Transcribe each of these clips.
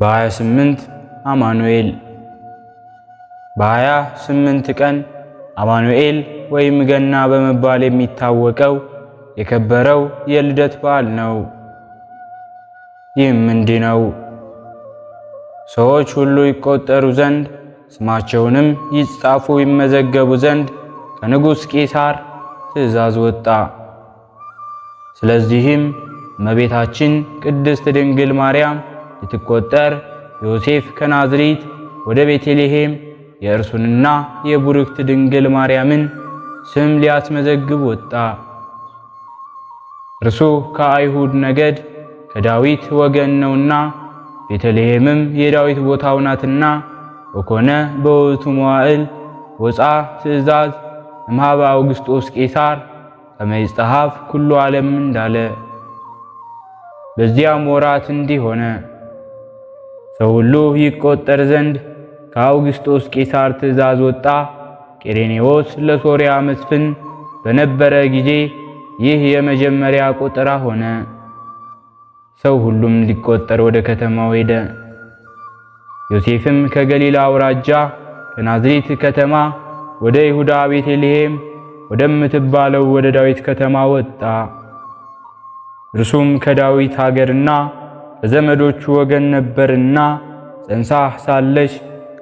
በ28 አማኑኤል በሃያ ስምንት ቀን አማኑኤል ወይም ገና በመባል የሚታወቀው የከበረው የልደት በዓል ነው። ይህም እንዲህ ነው። ሰዎች ሁሉ ይቆጠሩ ዘንድ ስማቸውንም ይጻፉ ይመዘገቡ ዘንድ ከንጉሥ ቄሳር ትእዛዝ ወጣ። ስለዚህም እመቤታችን ቅድስት ድንግል ማርያም ልትቆጠር ዮሴፍ ከናዝሬት ወደ ቤተልሔም የእርሱንና የቡርክት ድንግል ማርያምን ስም ሊያስመዘግብ ወጣ። እርሱ ከአይሁድ ነገድ ከዳዊት ወገን ነውና ቤተልሔምም የዳዊት ቦታው ናትና በኮነ በውእቱ መዋዕል ወፃ ትእዛዝ እምኀበ አውግስጦስ ቄሳር ከመ ይጸሐፍ ኩሉ ዓለም እንዳለ። በዚያም ወራት እንዲህ ሆነ። ሰው ሁሉ ይቆጠር ዘንድ ከአውግስጦስ ቄሳር ትእዛዝ ወጣ። ቄሬኔዎስ ለሶርያ መስፍን በነበረ ጊዜ ይህ የመጀመሪያ ቆጠራ ሆነ። ሰው ሁሉም ሊቆጠር ወደ ከተማው ሄደ። ዮሴፍም ከገሊላ አውራጃ ከናዝሬት ከተማ ወደ ይሁዳ ቤተልሔም ወደምትባለው ወደ ዳዊት ከተማ ወጣ። እርሱም ከዳዊት ሀገርና በዘመዶቹ ወገን ነበርና ጸንሳ ሳለች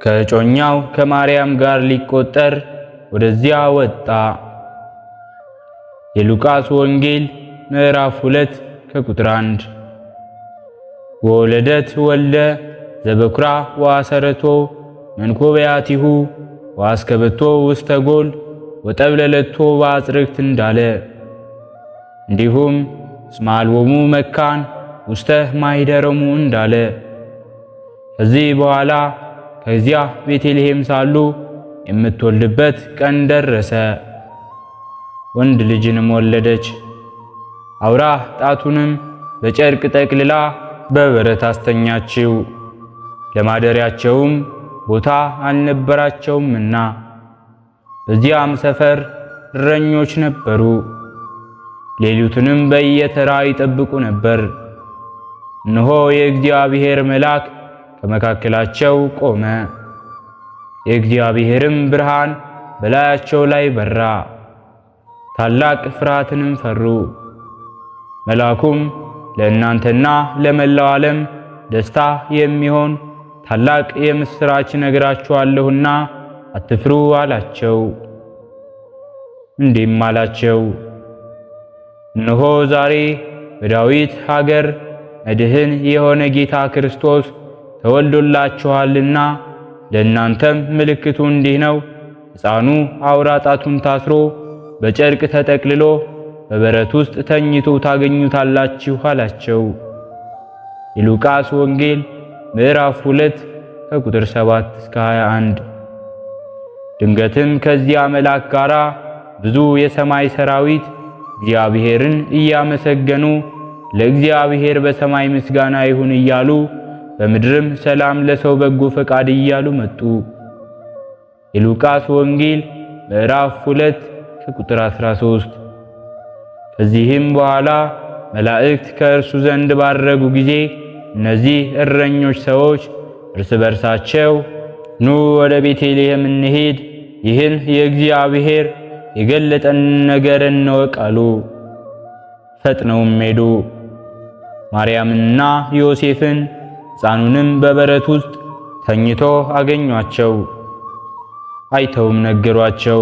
ከእጮኛው ከማርያም ጋር ሊቆጠር ወደዚያ ወጣ። የሉቃስ ወንጌል ምዕራፍ 2 ከቁጥር 1 ወለደት ወልደ ዘበኩራ ወአሰረቶ መንኮበያቲሁ ወአስከበቶ ውስተ ጎል ወጠብለለቶ በአጽርክት እንዳለ እንዲሁም እስማልወሙ መካን ውስተህ ማይደረሙ እንዳለ። ከዚህ በኋላ ከዚያ ቤተልሔም ሳሉ የምትወልድበት ቀን ደረሰ። ወንድ ልጅንም ወለደች። አውራ ጣቱንም በጨርቅ ጠቅልላ በበረት አስተኛችው። ለማደሪያቸውም ቦታ አልነበራቸውምና በዚያም ሰፈር እረኞች ነበሩ። ሌሊቱንም በየተራ ይጠብቁ ነበር። እነሆ የእግዚአብሔር መልአክ ከመካከላቸው ቆመ፣ የእግዚአብሔርም ብርሃን በላያቸው ላይ በራ። ታላቅ ፍርሃትንም ፈሩ። መልአኩም ለእናንተና ለመላው ዓለም ደስታ የሚሆን ታላቅ የምሥራች ነግራችኋለሁና አትፍሩ አላቸው። እንዲህም አላቸው፣ እነሆ ዛሬ በዳዊት ሀገር መድህን የሆነ ጌታ ክርስቶስ ተወልዶላችኋልና ለእናንተም ምልክቱ እንዲህ ነው። ሕፃኑ አውራ ጣቱን ታስሮ በጨርቅ ተጠቅልሎ በበረት ውስጥ ተኝቶ ታገኙታላችሁ አላቸው። የሉቃስ ወንጌል ምዕራፍ 2 ከቁጥር 7 እስከ 21። ድንገትም ከዚያ መልአክ ጋራ ብዙ የሰማይ ሰራዊት እግዚአብሔርን እያመሰገኑ ለእግዚአብሔር በሰማይ ምስጋና ይሁን እያሉ በምድርም ሰላም ለሰው በጎ ፈቃድ እያሉ መጡ። የሉቃስ ወንጌል ምዕራፍ 2 ከቁጥር 13። ከዚህም በኋላ መላእክት ከእርሱ ዘንድ ባረጉ ጊዜ እነዚህ እረኞች ሰዎች እርስ በርሳቸው ኑ ወደ ቤተልሔም እንሂድ፣ ይህን የእግዚአብሔር የገለጠን ነገር እንወቅ አሉ። ፈጥነውም ሄዱ። ማርያምና ዮሴፍን ሕፃኑንም በበረት ውስጥ ተኝቶ አገኟቸው። አይተውም ነገሯቸው።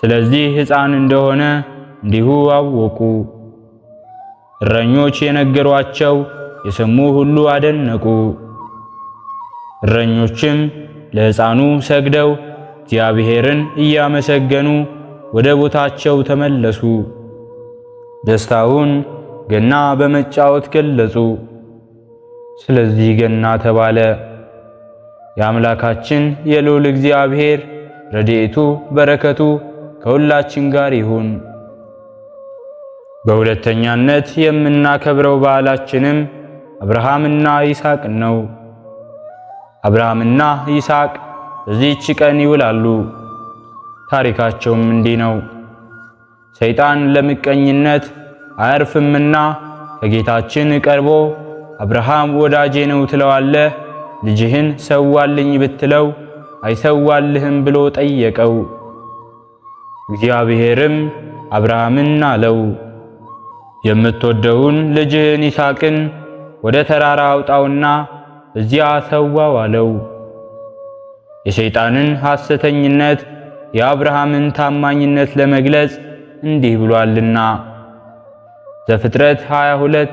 ስለዚህ ሕፃን እንደሆነ እንዲሁ አወቁ። እረኞች የነገሯቸው የሰሙ ሁሉ አደነቁ። እረኞችም ለሕፃኑ ሰግደው እግዚአብሔርን እያመሰገኑ ወደ ቦታቸው ተመለሱ። ደስታውን ገና በመጫወት ገለጹ። ስለዚህ ገና ተባለ። የአምላካችን የልዑል እግዚአብሔር ረድኤቱ በረከቱ ከሁላችን ጋር ይሁን። በሁለተኛነት የምናከብረው በዓላችንም አብርሃምና ይስሐቅ ነው። አብርሃምና ይስሐቅ በዚህች ቀን ይውላሉ። ታሪካቸውም እንዲህ ነው። ሰይጣን ለምቀኝነት አያርፍምና ከጌታችን ቀርቦ አብርሃም ወዳጄ ነው ትለዋለህ፣ ልጅህን ሰዋልኝ ብትለው አይሰዋልህም ብሎ ጠየቀው። እግዚአብሔርም አብርሃምን አለው፣ የምትወደውን ልጅህን ይስሐቅን ወደ ተራራ አውጣውና እዚያ ሰዋው አለው። የሰይጣንን ሐሰተኝነት የአብርሃምን ታማኝነት ለመግለጽ እንዲህ ብሏልና ዘፍጥረት 22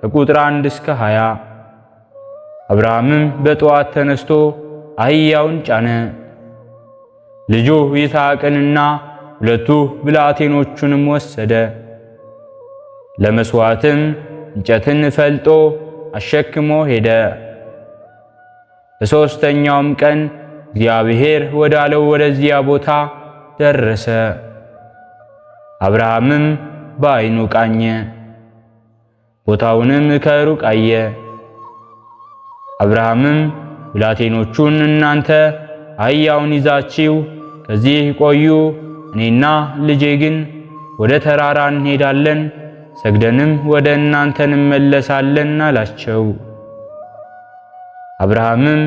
ከቁጥር 1 እስከ 20። አብርሃምም በጠዋት ተነስቶ አህያውን ጫነ፣ ልጁ ይስሐቅንና ሁለቱ ብላቴኖቹንም ወሰደ። ለመስዋዕትም እንጨትን ፈልጦ አሸክሞ ሄደ። በሦስተኛውም ቀን እግዚአብሔር ወዳለው ወደዚያ ቦታ ደረሰ። አብርሃምም በዓይኑ ቃኘ፣ ቦታውንም ከሩቅ አየ። አብርሃምም ብላቴኖቹን እናንተ አህያውን ይዛችሁ ከዚህ ቆዩ፣ እኔና ልጄ ግን ወደ ተራራ እንሄዳለን፣ ሰግደንም ወደ እናንተ እንመለሳለን አላቸው። አብርሃምም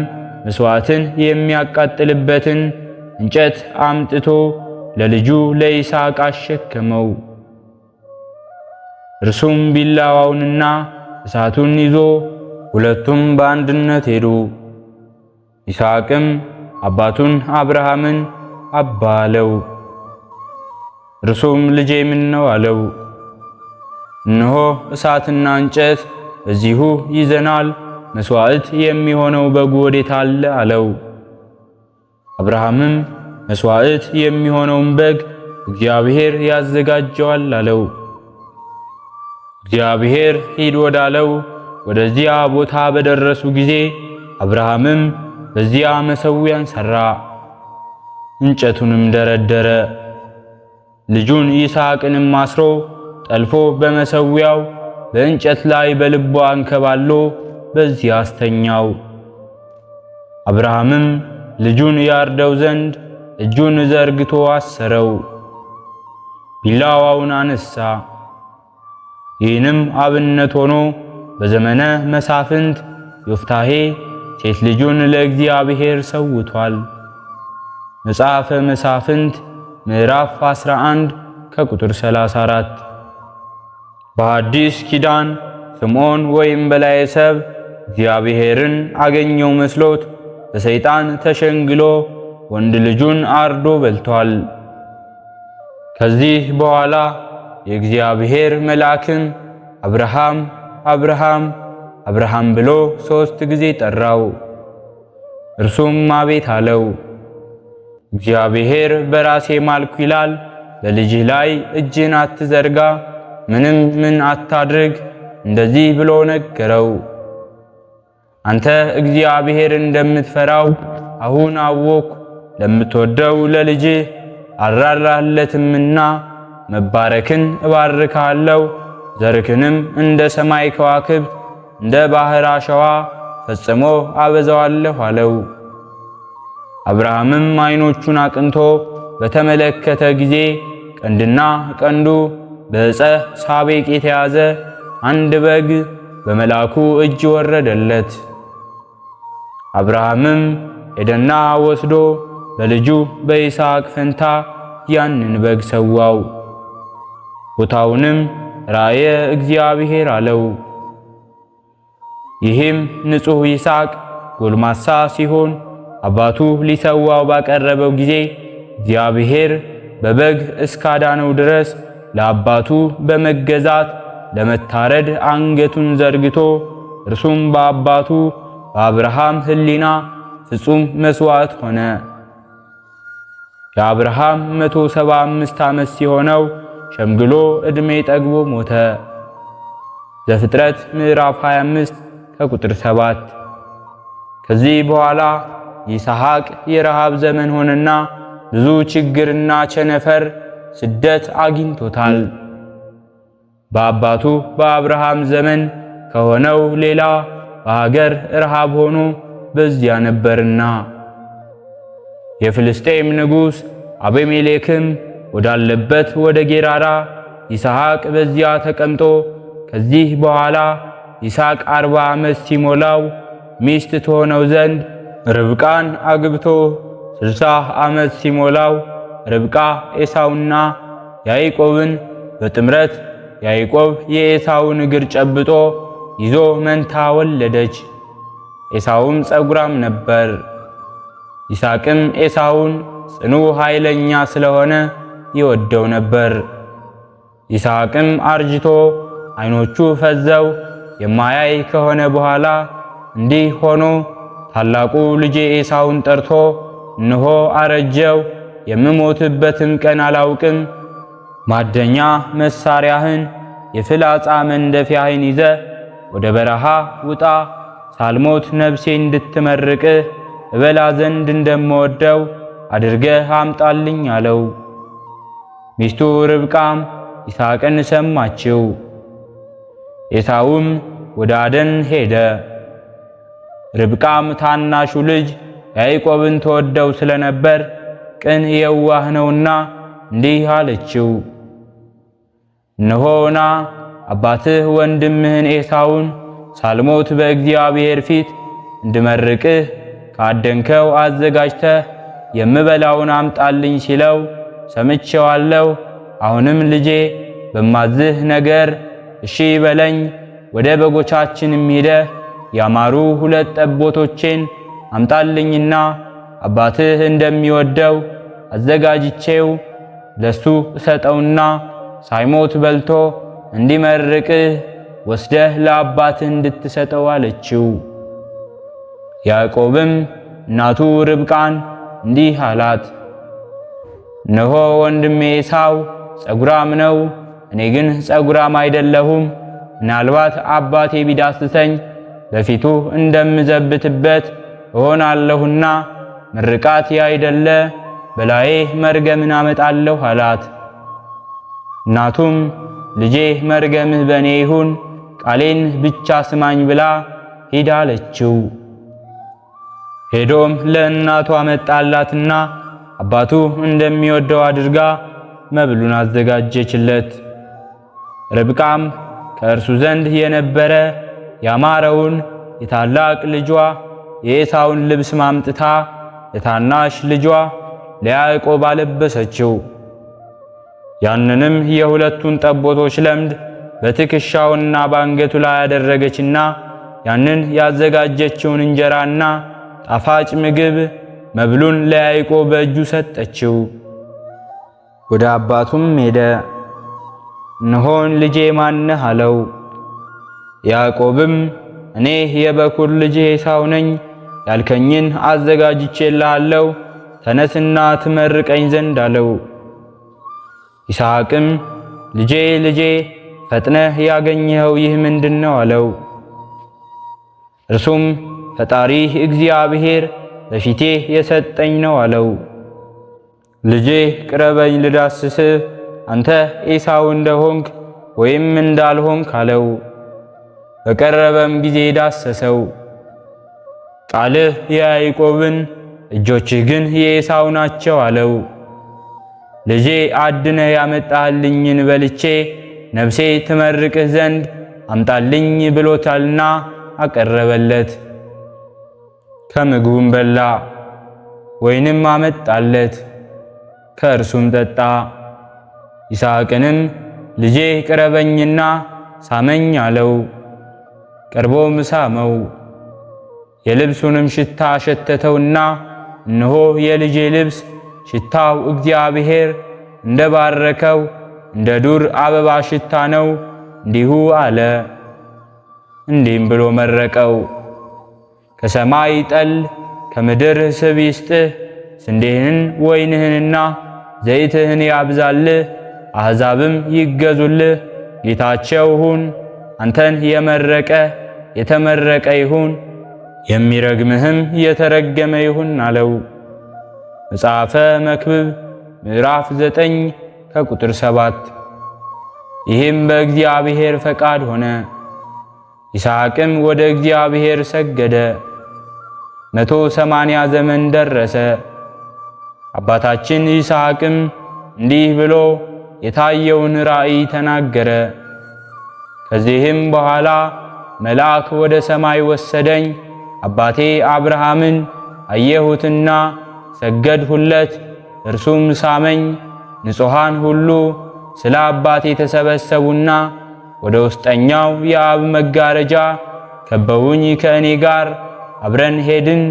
መሥዋዕትን የሚያቃጥልበትን እንጨት አምጥቶ ለልጁ ለይስሐቅ አሸከመው። እርሱም ቢላዋውንና እሳቱን ይዞ ሁለቱም በአንድነት ሄዱ። ይስሐቅም አባቱን አብርሃምን አባ አለው። እርሱም ልጄ ምን ነው አለው። እነሆ እሳትና እንጨት እዚሁ ይዘናል፣ መስዋዕት የሚሆነው በጉ ወዴት አለ አለው። አብርሃምም መስዋዕት የሚሆነውን በግ እግዚአብሔር ያዘጋጀዋል አለው። እግዚአብሔር ሂድ ወዳለው ወደዚያ ቦታ በደረሱ ጊዜ አብርሃምም በዚያ መሠዊያን ሠራ፣ እንጨቱንም ደረደረ። ልጁን ይስሐቅንም አስሮ ጠልፎ በመሠዊያው በእንጨት ላይ በልቡ አንከባሎ በዚያ አስተኛው። አብርሃምም ልጁን ያርደው ዘንድ እጁን ዘርግቶ አሰረው፣ ቢላዋውን አነሳ። ይህንም አብነት ሆኖ በዘመነ መሳፍንት ዮፍታሄ ሴት ልጁን ለእግዚአብሔር ሰውቷል። መጽሐፈ መሳፍንት ምዕራፍ 11 ከቁጥር 34። በአዲስ ኪዳን ስምዖን ወይም በላየ ሰብ እግዚአብሔርን አገኘው መስሎት በሰይጣን ተሸንግሎ ወንድ ልጁን አርዶ በልቷል። ከዚህ በኋላ የእግዚአብሔር መልአክም አብርሃም አብርሃም አብርሃም ብሎ ሦስት ጊዜ ጠራው። እርሱም አቤት አለው። እግዚአብሔር በራሴ ማልኩ ይላል፣ በልጅህ ላይ እጅን አትዘርጋ፣ ምንም ምን አታድርግ እንደዚህ ብሎ ነገረው። አንተ እግዚአብሔር እንደምትፈራው አሁን አወኩ፣ ለምትወደው ለልጅህ አራራለትምና? መባረክን እባርካለሁ ዘርክንም እንደ ሰማይ ከዋክብት እንደ ባህር አሸዋ ፈጽሞ አበዛዋለሁ አለው። አብርሃምም ዓይኖቹን አቅንቶ በተመለከተ ጊዜ ቀንድና ቀንዱ በዕፀ ሳቤቅ የተያዘ አንድ በግ በመልአኩ እጅ ወረደለት። አብርሃምም ሄደና ወስዶ በልጁ በይስሐቅ ፈንታ ያንን በግ ሰዋው። ቦታውንም ራእየ እግዚአብሔር አለው። ይህም ንጹሕ ይስሐቅ ጎልማሳ ሲሆን አባቱ ሊሰዋው ባቀረበው ጊዜ እግዚአብሔር በበግ እስካዳነው ድረስ ለአባቱ በመገዛት ለመታረድ አንገቱን ዘርግቶ እርሱም በአባቱ በአብርሃም ሕሊና ፍጹም መስዋዕት ሆነ። የአብርሃም 175 ዓመት ሲሆነው ሸምግሎ ዕድሜ ጠግቦ ሞተ። ዘፍጥረት ምዕራፍ 25 ከቁጥር 7። ከዚህ በኋላ ይስሐቅ የረሃብ ዘመን ሆነና ብዙ ችግርና ቸነፈር ስደት አግኝቶታል። በአባቱ በአብርሃም ዘመን ከሆነው ሌላ በሀገር ረሃብ ሆኖ በዚያ ነበርና የፍልስጤም ንጉሥ አቤሜሌክም ወዳለበት ወደ ጌራራ ይስሐቅ በዚያ ተቀምጦ ከዚህ በኋላ ይስሐቅ አርባ ዓመት ሲሞላው ሚስት ትሆነው ዘንድ ርብቃን አግብቶ ስልሳ ዓመት ሲሞላው ርብቃ ኤሳውና ያዕቆብን በጥምረት ያዕቆብ የኤሳውን እግር ጨብጦ ይዞ መንታ ወለደች። ኤሳውም ጸጉራም ነበር። ይስሐቅም ኤሳውን ጽኑ ኃይለኛ ስለሆነ ይወደው ነበር። ይስሐቅም አርጅቶ ዓይኖቹ ፈዘው የማያይ ከሆነ በኋላ እንዲህ ሆኖ ታላቁ ልጄ ኤሳውን ጠርቶ እንሆ አረጀው፣ የምሞትበትን ቀን አላውቅም። ማደኛ መሳሪያህን የፍላጻ መንደፊያህን ይዘ ወደ በረሃ ውጣ፣ ሳልሞት ነፍሴ እንድትመርቅህ እበላ ዘንድ እንደምወደው አድርገህ አምጣልኝ አለው። ሚስቱ ርብቃም ይስሐቅን ሰማችው። ኤሳውም ወደ አደን ሄደ። ርብቃም ታናሹ ልጅ ያዕቆብን ተወደው ስለነበር ቅን የዋህ ነውና እንዲህ አለችው፣ እነሆና አባትህ ወንድምህን ኤሳውን ሳልሞት በእግዚአብሔር ፊት እንድመርቅህ ካደንከው አዘጋጅተህ የምበላውን አምጣልኝ ሲለው ሰምቼዋለሁ። አሁንም ልጄ በማዝህ ነገር እሺ በለኝ። ወደ በጎቻችንም ሄደህ ያማሩ ሁለት ጠቦቶቼን አምጣልኝና አባትህ እንደሚወደው አዘጋጅቼው ለሱ እሰጠውና ሳይሞት በልቶ እንዲመርቅህ ወስደህ ለአባትህ እንድትሰጠው አለችው። ያዕቆብም እናቱ ርብቃን እንዲህ አላት፣ እነሆ ወንድሜ ኤሳው ጸጉራም ነው፣ እኔ ግን ጸጉራም አይደለሁም። ምናልባት አባቴ ቢዳስሰኝ በፊቱ እንደምዘብትበት እሆናለሁና ምርቃት ያይደለ በላዬ መርገምን አመጣለሁ አላት። እናቱም ልጄ መርገምህ በእኔ ይሁን፣ ቃሌን ብቻ ስማኝ ብላ ሂዳለችው። ሄዶም ለእናቱ አመጣላትና አባቱ እንደሚወደው አድርጋ መብሉን አዘጋጀችለት። ርብቃም ከእርሱ ዘንድ የነበረ ያማረውን የታላቅ ልጇ የኤሳውን ልብስ ማምጥታ ለታናሽ ልጇ ለያዕቆብ አለበሰችው። ያንንም የሁለቱን ጠቦቶች ለምድ በትከሻውና በአንገቱ ላይ ያደረገችና ያንን ያዘጋጀችውን እንጀራና ጣፋጭ ምግብ መብሉን ለያይቆ በእጁ ሰጠችው። ወደ አባቱም ሄደ። እንሆን ልጄ ማነህ አለው። ያዕቆብም እኔ የበኩር ልጅ ኤሳው ነኝ፣ ያልከኝን አዘጋጅቼልሃለሁ፣ ተነስና ትመርቀኝ ዘንድ አለው። ይስሐቅም ልጄ ልጄ ፈጥነህ ያገኘኸው ይህ ምንድን ነው? አለው። እርሱም ፈጣሪህ እግዚአብሔር በፊቴ የሰጠኝ ነው አለው። ልጄ ቅረበኝ ልዳስስህ፣ አንተ ኤሳው እንደሆንክ ወይም እንዳልሆንክ አለው። በቀረበም ጊዜ ዳሰሰው። ቃልህ የያዕቆብን እጆችህ ግን የኤሳው ናቸው አለው። ልጄ አድነህ ያመጣህልኝን በልቼ ነፍሴ ትመርቅህ ዘንድ አምጣልኝ ብሎታልና አቀረበለት። ከምግቡም በላ፣ ወይንም አመጣለት፣ ከእርሱም ጠጣ። ይስሐቅንም ልጄ ቅረበኝና ሳመኝ አለው። ቀርቦም ሳመው፣ የልብሱንም ሽታ ሸተተውና እነሆ የልጄ ልብስ ሽታው እግዚአብሔር እንደ ባረከው እንደ ዱር አበባ ሽታ ነው እንዲሁ አለ። እንዲህም ብሎ መረቀው። ከሰማይ ጠል ከምድር ስብ ይስጥህ። ስንዴህን ወይንህንና ዘይትህን ያብዛልህ፣ አሕዛብም ይገዙልህ። ጌታቸው ሁን፣ አንተን የመረቀ የተመረቀ ይሁን፣ የሚረግምህም የተረገመ ይሁን አለው። መጽሐፈ መክብብ ምዕራፍ ዘጠኝ ከቁጥር ሰባት ይህም በእግዚአብሔር ፈቃድ ሆነ። ይስሐቅም ወደ እግዚአብሔር ሰገደ፣ መቶ ሰማንያ ዘመን ደረሰ። አባታችን ይስሐቅም እንዲህ ብሎ የታየውን ራእይ ተናገረ። ከዚህም በኋላ መልአክ ወደ ሰማይ ወሰደኝ፣ አባቴ አብርሃምን አየሁትና ሰገድሁለት፣ እርሱም ሳመኝ። ንጹሐን ሁሉ ስለ አባቴ ተሰበሰቡና ወደ ውስጠኛው የአብ መጋረጃ ከበውኝ ከእኔ ጋር አብረን ሄድን።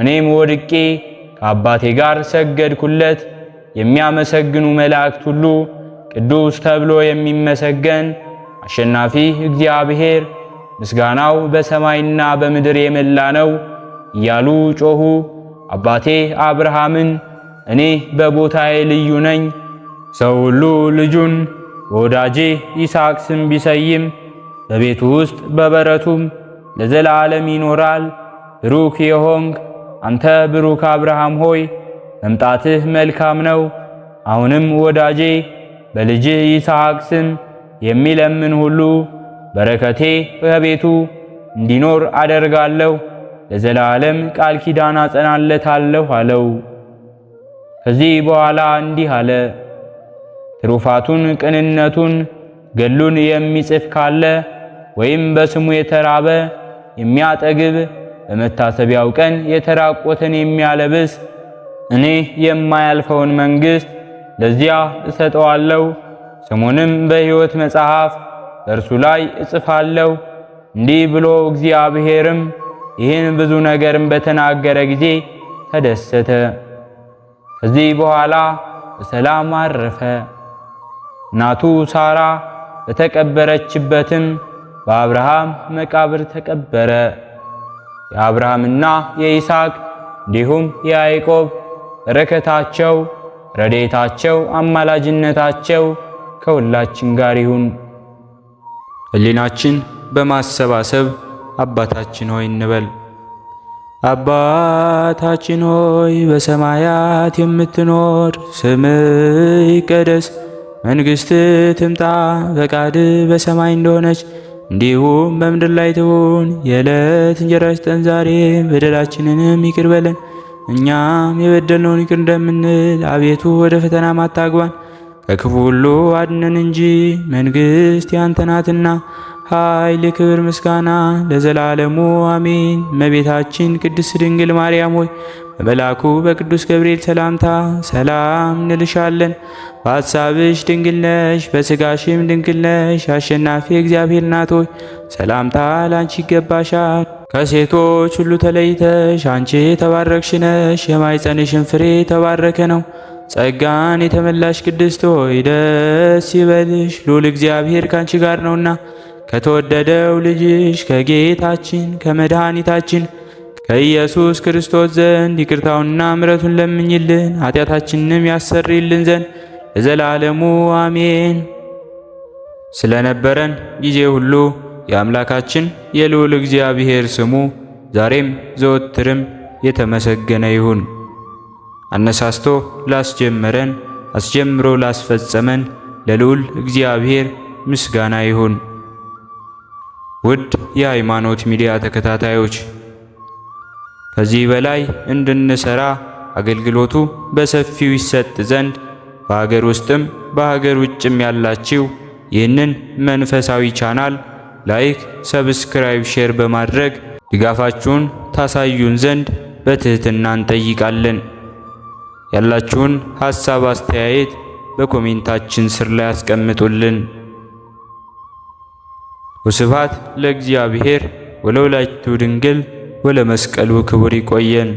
እኔም ወድቄ ከአባቴ ጋር ሰገድኩለት። የሚያመሰግኑ መላእክት ሁሉ ቅዱስ ተብሎ የሚመሰገን አሸናፊ እግዚአብሔር ምስጋናው በሰማይና በምድር የመላ ነው እያሉ ጮኹ። አባቴ አብርሃምን እኔ በቦታዬ ልዩ ነኝ፣ ሰው ሁሉ ልጁን ወዳጄ ይስሐቅ ስም ቢሰይም በቤቱ ውስጥ በበረቱም ለዘላለም ይኖራል። ብሩክ የሆንክ አንተ ብሩክ አብርሃም ሆይ መምጣትህ መልካም ነው። አሁንም ወዳጄ በልጅህ ይስሐቅ ስም የሚለምን ሁሉ በረከቴ በቤቱ እንዲኖር አደርጋለሁ፣ ለዘላለም ቃል ኪዳን አጸናለታለሁ አለው። ከዚህ በኋላ እንዲህ አለ። ትሩፋቱን፣ ቅንነቱን፣ ገሉን የሚጽፍ ካለ ወይም በስሙ የተራበ የሚያጠግብ በመታሰቢያው ቀን የተራቆተን የሚያለብስ እኔ የማያልፈውን መንግሥት ለዚያ እሰጠዋለሁ፣ ስሙንም በሕይወት መጽሐፍ በእርሱ ላይ እጽፋለሁ። እንዲህ ብሎ እግዚአብሔርም ይህን ብዙ ነገርም በተናገረ ጊዜ ተደሰተ። ከዚህ በኋላ በሰላም አረፈ። እናቱ ሳራ በተቀበረችበትም በአብርሃም መቃብር ተቀበረ። የአብርሃምና የይስሐቅ እንዲሁም የያዕቆብ በረከታቸው፣ ረዴታቸው፣ አማላጅነታቸው ከሁላችን ጋር ይሁን። ሕሊናችን በማሰባሰብ አባታችን ሆይ እንበል። አባታችን ሆይ በሰማያት የምትኖር ስምህ ይቀደስ መንግሥት ትምጣ፣ ፈቃድ በሰማይ እንደሆነች እንዲሁም በምድር ላይ ትሁን። የዕለት እንጀራችንን ስጠን ዛሬ፣ በደላችንንም ይቅር በለን እኛም የበደልነውን ይቅር እንደምንል። አቤቱ ወደ ፈተና አታግባን፣ ከክፉ ሁሉ አድነን እንጂ መንግሥት ያንተ ናትና ኃይል፣ ክብር፣ ምስጋና ለዘላለሙ አሜን። እመቤታችን ቅድስት ድንግል ማርያም ሆይ በመልአኩ በቅዱስ ገብርኤል ሰላምታ ሰላም እንልሻለን። በሐሳብሽ ድንግል ነሽ፣ በሥጋሽም ድንግል ነሽ። አሸናፊ እግዚአብሔር እናት ሆይ ሰላምታ ላንቺ ይገባሻል። ከሴቶች ሁሉ ተለይተሽ አንቺ የተባረክሽ ነሽ፣ የማይጸንሽን ፍሬ የተባረከ ነው። ጸጋን የተመላሽ ቅድስት ሆይ ደስ ይበልሽ፣ ሉል እግዚአብሔር ካንቺ ጋር ነውና ከተወደደው ልጅሽ ከጌታችን ከመድኃኒታችን ከኢየሱስ ክርስቶስ ዘንድ ይቅርታውንና ምረቱን ለምኝልን ኃጢአታችንንም ያሰርይልን ዘንድ ለዘላለሙ አሜን። ስለነበረን ጊዜ ሁሉ የአምላካችን የልዑል እግዚአብሔር ስሙ ዛሬም ዘወትርም የተመሰገነ ይሁን። አነሳስቶ ላስጀመረን አስጀምሮ ላስፈጸመን ለልዑል እግዚአብሔር ምስጋና ይሁን። ውድ የሃይማኖት ሚዲያ ተከታታዮች ከዚህ በላይ እንድንሰራ አገልግሎቱ በሰፊው ይሰጥ ዘንድ በሀገር ውስጥም በሀገር ውጭም ያላችሁ ይህንን መንፈሳዊ ቻናል ላይክ፣ ሰብስክራይብ፣ ሼር በማድረግ ድጋፋችሁን ታሳዩን ዘንድ በትህትና እንጠይቃለን። ያላችሁን ሐሳብ አስተያየት በኮሜንታችን ስር ላይ አስቀምጡልን። ወስብሐት ለእግዚአብሔር ወለወላዲቱ ድንግል ወለመስቀሉ ክቡር ይቆየን።